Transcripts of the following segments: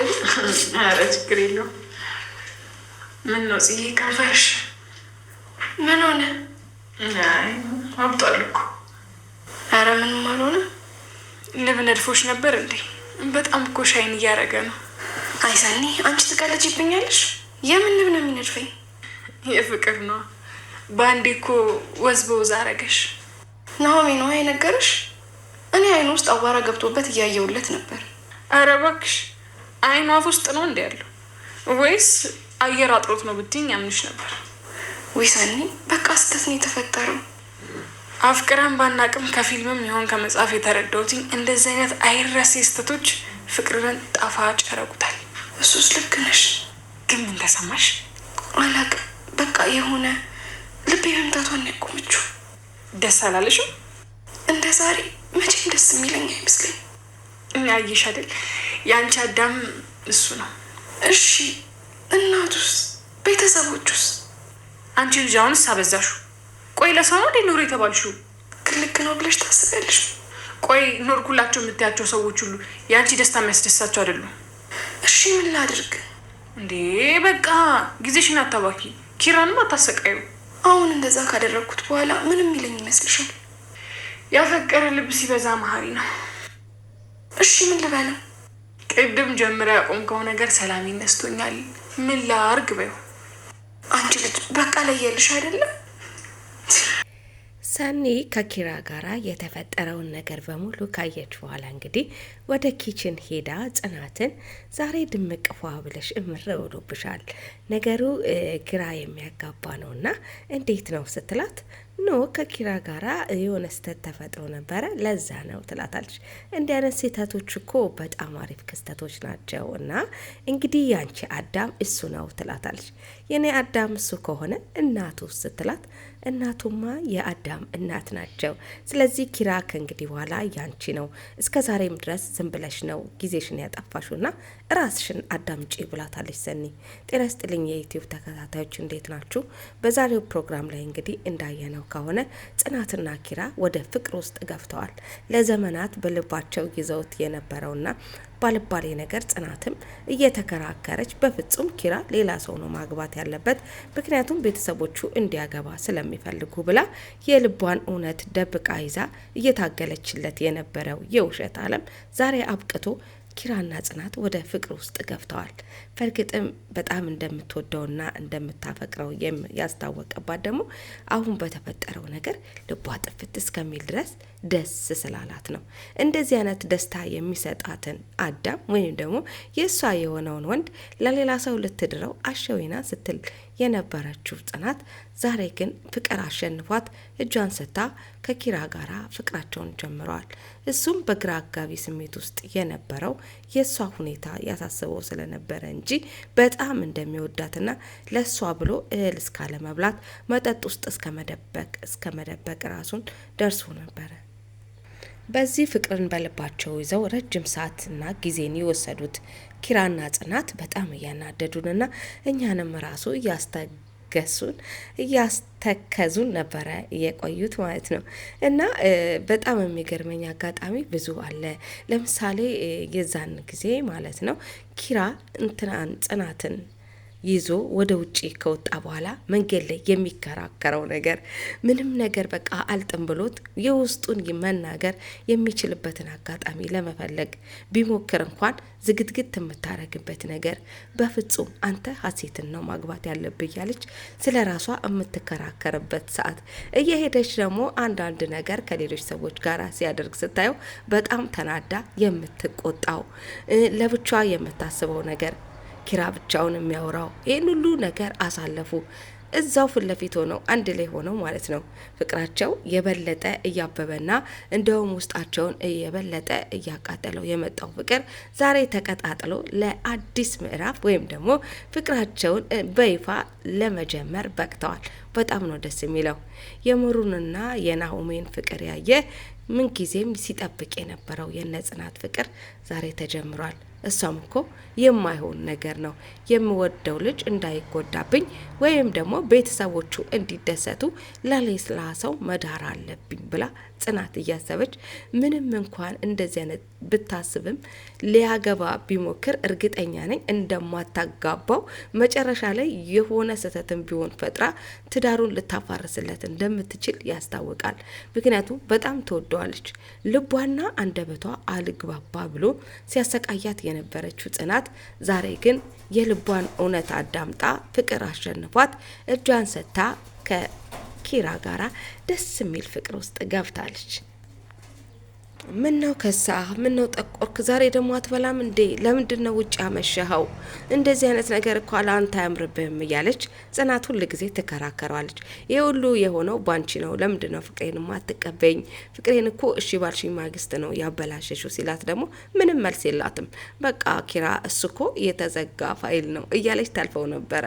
ኧረ ችግር የለውም። ምን ነው ጽዬ ከንፈርሽ ምን ሆነ? አብጧል እኮ። ኧረ ምንም አልሆነ። ልብ ነድፎች ነበር እንዴ? በጣም እኮ ሻይን እያደረገ ነው። አይ ሰኒ፣ አንቺ ትቀልጅብኛለሽ። የምን ልብ ነው የሚነድፈኝ? የፍቅር ነው በአንዴ እኮ ወዝ በወዝ አረገሽ። ናሆሜ ነዋ የነገረሽ። እኔ አይኑ ውስጥ አዋራ ገብቶበት እያየውለት ነበር። ኧረ እባክሽ አይኗ ውስጥ ነው እንዲ ያለው ወይስ አየር አጥሮት ነው ብትይኝ ያምንሽ ነበር። ዊሰኒ በቃ ስህተት ነው የተፈጠረው። አፍቅረን ባናቅም ከፊልምም ይሆን ከመጽሐፍ የተረዳሁትኝ እንደዚህ አይነት አይረሴ ስህተቶች ፍቅርን ጣፋጭ ያረጉታል። እሱስ ልክ ነሽ። ግን እንደሰማሽ ተሰማሽ? አላቅም በቃ የሆነ ልቤ መምታቷን ያቆመችው። ደስ አላለሽም? እንደ ዛሬ መቼም ደስ የሚለኝ አይመስለኝ። እኛ አየሽ አይደል የአንቺ አዳም እሱ ነው። እሺ እናቱስ? ቤተሰቦቹስ? አንቺ ልጅ አሁንስ አበዛሹ። ቆይ ለሰው ነው እንዴ ኖር የተባልሽው? ክልክ ነው ብለሽ ታስቢያለሽ? ቆይ ኖርኩላቸው የምታያቸው ሰዎች ሁሉ የአንቺ ደስታ የሚያስደሳቸው አይደሉም። እሺ ምን ላድርግ እንዴ? በቃ ጊዜሽን አታባኪ፣ ኪራንም አታሰቃዩ። አሁን እንደዛ ካደረግኩት በኋላ ምንም ይለኝ ይመስልሻል? ያፈቀረ ልብ ሲበዛ መሀሪ ነው። እሺ ምን ልበለው? ቅድም ጀምረ ያቆምከው ነገር ሰላም ይነስቶኛል። ምን ላርግ በው? አንቺ ልጅ በቃ ለየልሽ አይደለም። ሰኒ ከኪራ ጋር የተፈጠረውን ነገር በሙሉ ካየች በኋላ እንግዲህ ወደ ኪችን ሄዳ ጽናትን ዛሬ ድምቅ ፏ ብለሽ እምር ብሎብሻል፣ ነገሩ ግራ የሚያጋባ እና እንዴት ነው ስትላት ኖ ከኪራ ጋራ የሆነ ስህተት ተፈጥሮ ነበረ፣ ለዛ ነው ትላታለች። እንዲህ አይነት ስህተቶች እኮ በጣም አሪፍ ክስተቶች ናቸው። እና እንግዲህ ያንቺ አዳም እሱ ነው ትላታለች። የኔ አዳም እሱ ከሆነ እናቱ ስትላት፣ እናቱማ የአዳም እናት ናቸው። ስለዚህ ኪራ ከእንግዲህ በኋላ ያንቺ ነው። እስከ ዛሬም ድረስ ዝም ብለሽ ነው ጊዜሽን ና ራስሽን አዳምጪ ብላታለች። ሰኒ ጤና ስጥልኝ የዩቲዩብ ተከታታዮች እንዴት ናችሁ? በዛሬው ፕሮግራም ላይ እንግዲህ እንዳየ ነው እንደሰማነው ከሆነ ጽናትና ኪራ ወደ ፍቅር ውስጥ ገብተዋል። ለዘመናት በልባቸው ይዘውት የነበረውና ባልባሌ ነገር ጽናትም እየተከራከረች በፍጹም ኪራ ሌላ ሰው ነው ማግባት ያለበት፣ ምክንያቱም ቤተሰቦቹ እንዲያገባ ስለሚፈልጉ ብላ የልቧን እውነት ደብቃ ይዛ እየታገለችለት የነበረው የውሸት ዓለም ዛሬ አብቅቶ ኪራና ጽናት ወደ ፍቅር ውስጥ ገብተዋል። በእርግጥም በጣም እንደምትወደውና እንደምታፈቅረው ያስታወቀባት ደግሞ አሁን በተፈጠረው ነገር ልቧ ጥፍት እስከሚል ድረስ ደስ ስላላት ነው። እንደዚህ አይነት ደስታ የሚሰጣትን አዳም ወይም ደግሞ የእሷ የሆነውን ወንድ ለሌላ ሰው ልትድረው አሸዊና ስትል የነበረችው ጽናት ዛሬ ግን ፍቅር አሸንፏት እጇን ሰታ ከኪራ ጋር ፍቅራቸውን ጀምረዋል። እሱም በግራ አጋቢ ስሜት ውስጥ የነበረው የእሷ ሁኔታ ያሳስበው ስለነበረ እንጂ በጣም እንደሚወዳትና ለእሷ ብሎ እህል እስካለ መብላት መጠጥ ውስጥ እስከ መደበቅ እስከ መደበቅ ራሱን ደርሶ ነበረ። በዚህ ፍቅርን በልባቸው ይዘው ረጅም ሰዓትና ጊዜን የወሰዱት ኪራና ጽናት በጣም እያናደዱንና እኛንም ራሱ እያስታገሱን እያስተከዙን ነበረ የቆዩት ማለት ነው። እና በጣም የሚገርመኝ አጋጣሚ ብዙ አለ። ለምሳሌ የዛን ጊዜ ማለት ነው ኪራ እንትናን ጽናትን ይዞ ወደ ውጭ ከወጣ በኋላ መንገድ ላይ የሚከራከረው ነገር ምንም ነገር በቃ አልጥም ብሎት የውስጡን መናገር የሚችልበትን አጋጣሚ ለመፈለግ ቢሞክር እንኳን ዝግትግት የምታረግበት ነገር በፍጹም አንተ ሀሴትን ነው ማግባት ያለብ ያለች ስለ ራሷ የምትከራከርበት ሰዓት እየሄደች ደግሞ አንዳንድ ነገር ከሌሎች ሰዎች ጋር ሲያደርግ ስታየው በጣም ተናዳ የምትቆጣው ለብቻ የምታስበው ነገር ኪራ ብቻውን የሚያወራው ይህን ሁሉ ነገር አሳለፉ። እዛው ፊት ለፊት ሆነው አንድ ላይ ሆነው ማለት ነው። ፍቅራቸው የበለጠ እያበበና እንደውም ውስጣቸውን የበለጠ እያቃጠለው የመጣው ፍቅር ዛሬ ተቀጣጥሎ ለአዲስ ምዕራፍ ወይም ደግሞ ፍቅራቸውን በይፋ ለመጀመር በቅተዋል። በጣም ነው ደስ የሚለው። የምሩንና የናሆሜን ፍቅር ያየ ምንጊዜም ሲጠብቅ የነበረው የነጽናት ፍቅር ዛሬ ተጀምሯል። እሷም እኮ የማይሆን ነገር ነው የምወደው ልጅ እንዳይጎዳብኝ ወይም ደግሞ ቤተሰቦቹ እንዲደሰቱ ለሌላ ሰው መዳር አለብኝ ብላ ጽናት እያሰበች ምንም እንኳን እንደዚህ አይነት ብታስብም ሊያገባ ቢሞክር እርግጠኛ ነኝ እንደማታጋባው መጨረሻ ላይ የሆነ ስህተትን ቢሆን ፈጥራ ትዳሩን ልታፋርስለት እንደምትችል ያስታውቃል። ምክንያቱም በጣም ትወደዋለች። ልቧና አንደበቷ አልግባባ ብሎ ሲያሰቃያት የነበረችው ጽናት ዛሬ ግን የልቧን እውነት አዳምጣ ፍቅር አሸንፏት እጇን ሰጥታ ከ ኪራ ጋራ ደስ የሚል ፍቅር ውስጥ ገብታለች። ምን ነው ከሳ? ምን ነው ጠቆርክ? ዛሬ ደግሞ አትበላም እንዴ? ለምንድን ነው ውጭ አመሸኸው? እንደዚህ አይነት ነገር እኮ ለአንተ አያምርብህም እያለች ጽናት ሁል ጊዜ ትከራከሯለች። ይህ ሁሉ የሆነው ባንቺ ነው። ለምንድን ነው ፍቅሬንማ አትቀበኝ? ፍቅሬን እኮ እሺ ባልሽኝ ማግስት ነው ያበላሸሹ ሲላት ደግሞ ምንም መልስ የላትም። በቃ ኪራ፣ እሱ እኮ የተዘጋ ፋይል ነው እያለች ታልፈው ነበረ።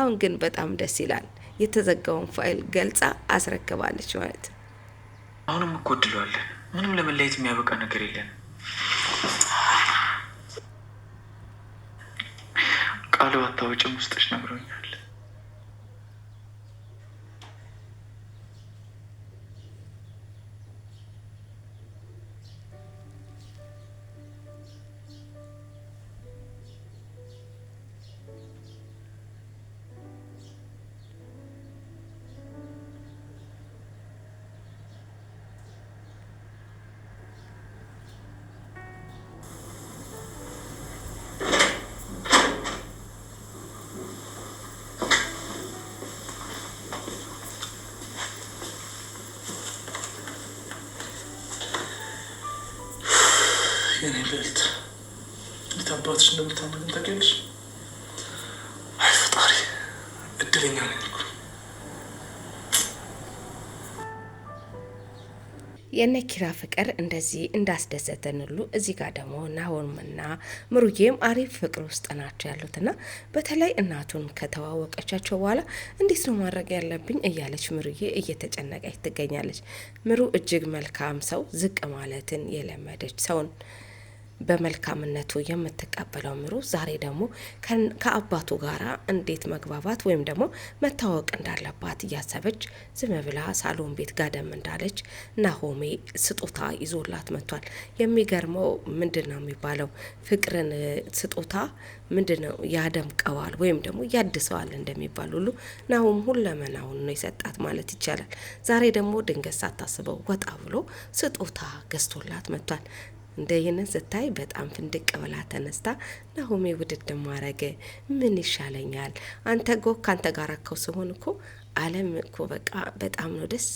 አሁን ግን በጣም ደስ ይላል። የተዘጋውን ፋይል ገልጻ አስረክባለች ማለት ነው። አሁንም እኮ ምንም ለመለየት የሚያበቃ ነገር የለን። ቃሉ አታወጭም ውስጥሽ ነግሮኛል። ሌሊት እንዴት አባትሽ እንደምታመግን ታውቂያለሽ? አይ ፈጣሪ እድለኛ ነኝ። የነ ኪራ ፍቅር እንደዚህ እንዳስደሰተን ሁሉ እዚህ ጋር ደግሞ ናሆምና ምሩዬም አሪፍ ፍቅር ውስጥ ናቸው ያሉትና በተለይ እናቱን ከተዋወቀቻቸው በኋላ እንዴት ነው ማድረግ ያለብኝ እያለች ምሩዬ እየተጨነቀች ትገኛለች። ምሩ እጅግ መልካም ሰው፣ ዝቅ ማለትን የለመደች ሰውን በመልካምነቱ የምትቀበለው ምሩ ዛሬ ደግሞ ከአባቱ ጋር እንዴት መግባባት ወይም ደግሞ መታወቅ እንዳለባት እያሰበች ዝም ብላ ሳሎን ቤት ጋደም እንዳለች ናሆሜ ስጦታ ይዞላት መጥቷል። የሚገርመው ምንድን ነው የሚባለው ፍቅርን ስጦታ ምንድን ነው ያደምቀዋል ወይም ደግሞ ያድሰዋል እንደሚባል ሁሉ ናሆም ሁለመናውን ነው የሰጣት ማለት ይቻላል። ዛሬ ደግሞ ድንገት ሳታስበው ወጣ ብሎ ስጦታ ገዝቶላት መጥቷል። እንደ ይህንን ስታይ በጣም ፍንድቅ ብላ ተነስታ ናሆሜ ውድድ ማረገ ምን ይሻለኛል? አንተ ጎ ከአንተ ጋር አካው ስሆን እኮ አለም እኮ በቃ በጣም ነው ደስ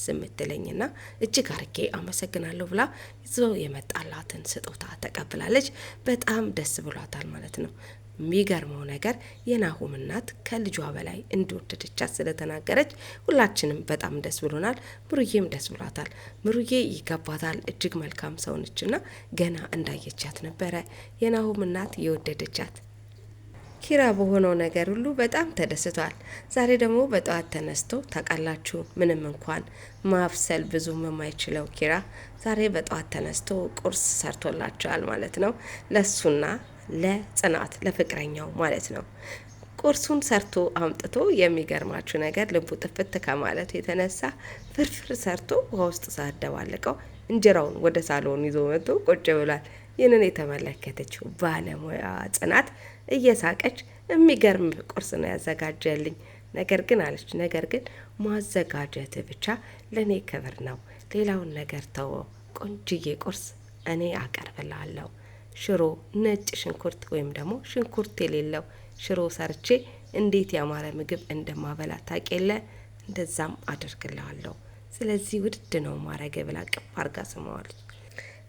ና እጅግ አርጌ አመሰግናለሁ ብላ ይዞ የመጣላትን ስጦታ ተቀብላለች። በጣም ደስ ብሏታል ማለት ነው። የሚገርመው ነገር የናሁም እናት ከልጇ በላይ እንደወደደቻት ስለተናገረች ሁላችንም በጣም ደስ ብሎናል። ምሩዬም ደስ ብሏታል። ምሩዬ ይገባታል፣ እጅግ መልካም ሰው ነችና ገና እንዳየቻት ነበረ የናሁም እናት የወደደቻት። ኪራ በሆነው ነገር ሁሉ በጣም ተደስቷል። ዛሬ ደግሞ በጠዋት ተነስቶ ታውቃላችሁ፣ ምንም እንኳን ማብሰል ብዙም የማይችለው ኪራ ዛሬ በጠዋት ተነስቶ ቁርስ ሰርቶላቸዋል ማለት ነው ለሱና ለጽናት ለፍቅረኛው ማለት ነው። ቁርሱን ሰርቶ አምጥቶ የሚገርማችሁ ነገር ልቡ ጥፍት ከማለቱ የተነሳ ፍርፍር ሰርቶ ውሃ ውስጥ ሳደባለቀው እንጀራውን ወደ ሳሎን ይዞ መጥቶ ቁጭ ብሏል። ይህንን የተመለከተችው ባለሙያ ጽናት እየሳቀች የሚገርም ቁርስ ነው ያዘጋጀልኝ፣ ነገር ግን አለች፣ ነገር ግን ማዘጋጀት ብቻ ለእኔ ክብር ነው፣ ሌላውን ነገር ተወው፣ ቆንጅዬ ቁርስ እኔ አቀርብላለሁ ሽሮ ነጭ ሽንኩርት ወይም ደግሞ ሽንኩርት የሌለው ሽሮ ሰርቼ እንዴት ያማረ ምግብ እንደማበላ ታውቅ የለ እንደዛም አደርግልሃለሁ። ስለዚህ ውድድ ነው ማረገ ብላ ቅፍ አርጋ ስመዋለች።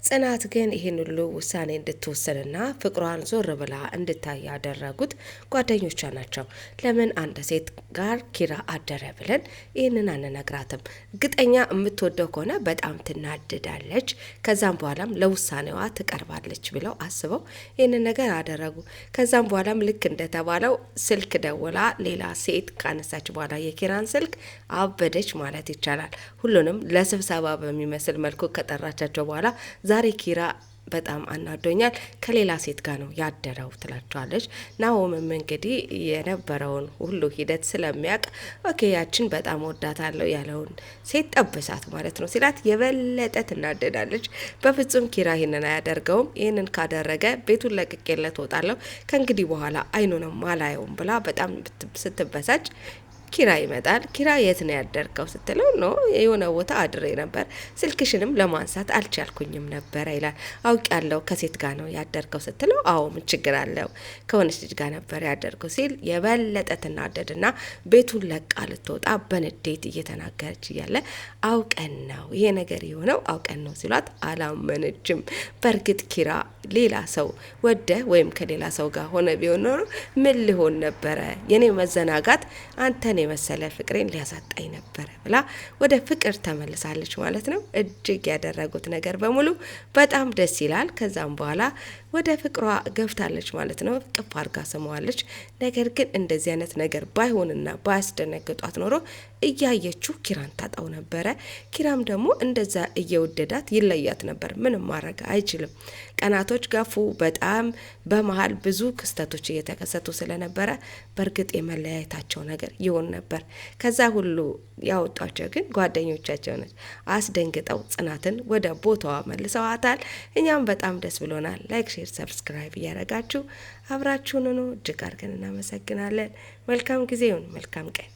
ጽናት ግን ይህን ሁሉ ውሳኔ እንድትወሰንና ፍቅሯን ዞር ብላ እንድታይ ያደረጉት ጓደኞቿ ናቸው። ለምን አንድ ሴት ጋር ኪራ አደረ ብለን ይህንን አንነግራትም? እርግጠኛ የምትወደው ከሆነ በጣም ትናድዳለች፣ ከዛም በኋላም ለውሳኔዋ ትቀርባለች ብለው አስበው ይህንን ነገር አደረጉ። ከዛም በኋላም ልክ እንደተባለው ስልክ ደውላ ሌላ ሴት ካነሳች በኋላ የኪራን ስልክ አበደች ማለት ይቻላል። ሁሉንም ለስብሰባ በሚመስል መልኩ ከጠራቻቸው በኋላ ዛሬ ኪራ በጣም አናዶኛል ከሌላ ሴት ጋር ነው ያደረው ትላቸዋለች። ናሆምም እንግዲህ የነበረውን ሁሉ ሂደት ስለሚያውቅ ኦኬ ያችን በጣም ወዳታለሁ ያለውን ሴት ጠብሳት ማለት ነው ሲላት የበለጠ ትናደዳለች። በፍጹም ኪራ ይህንን አያደርገውም። ይህንን ካደረገ ቤቱን ለቅቄለት እወጣለሁ፣ ከእንግዲህ በኋላ አይኑንም አላየውም ብላ በጣም ስትበሳጭ ኪራ ይመጣል። ኪራ የት ነው ያደርከው ስትለው ኖ የሆነ ቦታ አድሬ ነበር፣ ስልክሽንም ለማንሳት አልቻልኩኝም ነበረ ይላል። ያለው ከሴት ጋር ነው ያደርከው ስትለው አዎ ምን ችግር አለው ከሆነች ልጅ ጋር ነበር ያደርገው ሲል የበለጠ ትናደድና ቤቱን ለቃ ልትወጣ በንዴት እየተናገረች እያለ አውቀን ነው ይሄ ነገር የሆነው አውቀን ነው ሲሏት አላመነችም። በእርግጥ ኪራ ሌላ ሰው ወደ ወይም ከሌላ ሰው ጋር ሆነ ቢሆን ኖሮ ምን ሊሆን ነበረ የኔ መዘናጋት አንተን የመሰለ ፍቅሬን ሊያሳጣኝ ነበረ ብላ ወደ ፍቅር ተመልሳለች ማለት ነው። እጅግ ያደረጉት ነገር በሙሉ በጣም ደስ ይላል። ከዛም በኋላ ወደ ፍቅሯ ገብታለች ማለት ነው። ቅፍ አድርጋ ስመዋለች። ነገር ግን እንደዚህ አይነት ነገር ባይሆንና ባያስደነግጧት ኖሮ እያየችው ኪራን ታጣው ነበረ። ኪራም ደግሞ እንደዛ እየወደዳት ይለያት ነበር። ምንም ማድረግ አይችልም። ቀናቶች ገፉ። በጣም በመሀል ብዙ ክስተቶች እየተከሰቱ ስለነበረ በእርግጥ የመለያየታቸው ነገር ይሆን ነበር። ከዛ ሁሉ ያወጧቸው ግን ጓደኞቻቸው ነች። አስደንግጠው ጽናትን ወደ ቦታዋ መልሰዋታል። እኛም በጣም ደስ ብሎናል። ላይክ፣ ሼር፣ ሰብስክራይብ እያደረጋችሁ አብራችሁን ኑ። እጅግ አድርገን እናመሰግናለን። መልካም ጊዜ ይሁን። መልካም ቀን